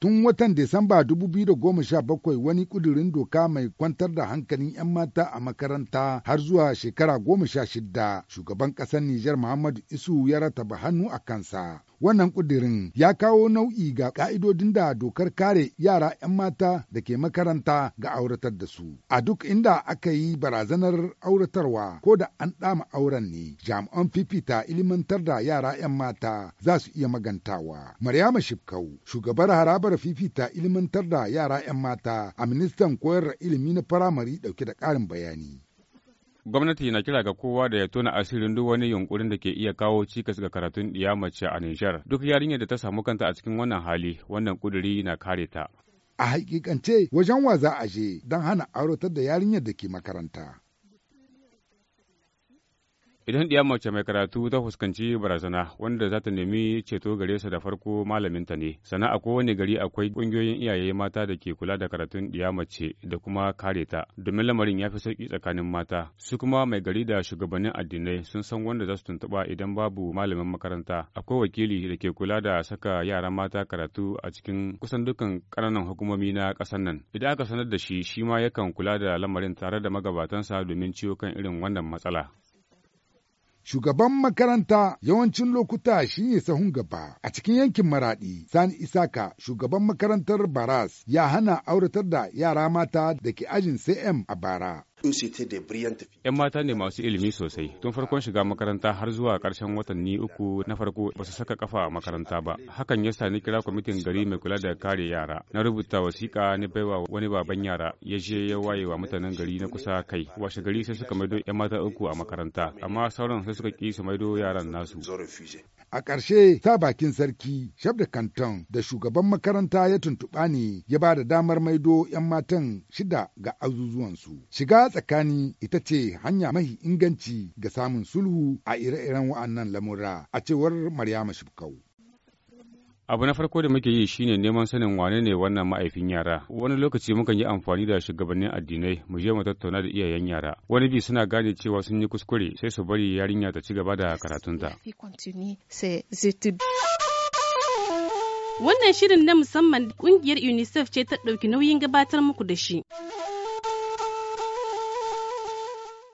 Tun watan Disamba 2017 wani ƙudurin doka mai kwantar da hankalin 'yan mata a makaranta har zuwa shekara goma sha shida shugaban ƙasar Nijar Muhammadu Isu ya rataba hannu a kansa. Wannan ƙudurin ya kawo nau'i ga ƙa'idodin da dokar kare yara 'yan mata da ke makaranta ga auratar da su. A duk inda aka yi barazanar auratarwa ko da an ɗama auren ne, jami'an fifita ilimantar da yara 'yan mata za su iya magantawa. Maryama Shifkau, shugabar harabar manufar fifita ilmantar da yara 'yan mata a ministan koyar da ilimi na firamare dauke da ƙarin bayani. Gwamnati na kira ga kowa da ya tona asirin duk wani yunkurin da ke iya kawo cikas ga karatun ɗiya mace a Nijar. Duk yarinyar da ta samu kanta a cikin wannan hali, wannan kuduri na kare ta. A hakikance wajen wa za a je don hana aurotar da yarinyar da ke makaranta. Idan ɗiya mace mai karatu ta fuskanci barazana wanda za ta nemi ceto gare sa da farko malaminta ne, sana'a a kowane gari akwai ƙungiyoyin iyaye mata da ke kula da karatun ɗiya mace da kuma kare ta, domin lamarin ya fi sauƙi tsakanin mata. Su kuma mai gari da shugabannin addinai sun san wanda za su tuntuɓa idan babu malamin makaranta. Akwai wakili da ke kula da saka yaran mata karatu a cikin kusan dukkan ƙananan hukumomi na ƙasar nan. Idan aka sanar da shi, shi ma yakan kula da lamarin tare da magabatansa domin ciwo kan irin wannan matsala. Shugaban makaranta yawancin lokuta shi ne sahun gaba a cikin yankin Maraɗi, Sani Isaka, shugaban makarantar Baras, ya hana auratar da yara mata da ke ajin CM a bara. 'Yan mata ne masu ilimi sosai, tun farkon shiga makaranta har zuwa ƙarshen watanni uku na farko ba su saka kafa a makaranta ba. Hakan ya sani kira kwamitin gari mai kula da kare yara. Na rubuta wasiƙa na baiwa wani baban yara ya je ya waye wa mutanen gari na kusa kai. Washe gari sai suka maido 'yan mata uku a makaranta, amma sauran sai suka ƙi su maido yaran nasu. A ƙarshe ta bakin sarki, Shabda Kanton da shugaban makaranta ya tuntuɓa ne ya ba da damar maido 'yan matan shida ga azuzuwansu. Shiga tsakani ita ce hanya mahi inganci ga samun sulhu a ire-iren wa'annan lamura a cewar Maryama Shibkau. abu na farko da muke yi shine neman sanin wane ne wannan ma'aifin yara wani lokaci mukan yi amfani da shugabannin addinai mu je mu tattauna da iyayen yara wani bi suna gane cewa sun yi kuskure sai su bari yarinya ta ci gaba da karatunta wannan shirin na musamman kungiyar unicef ce ta ɗauki nauyin gabatar muku da shi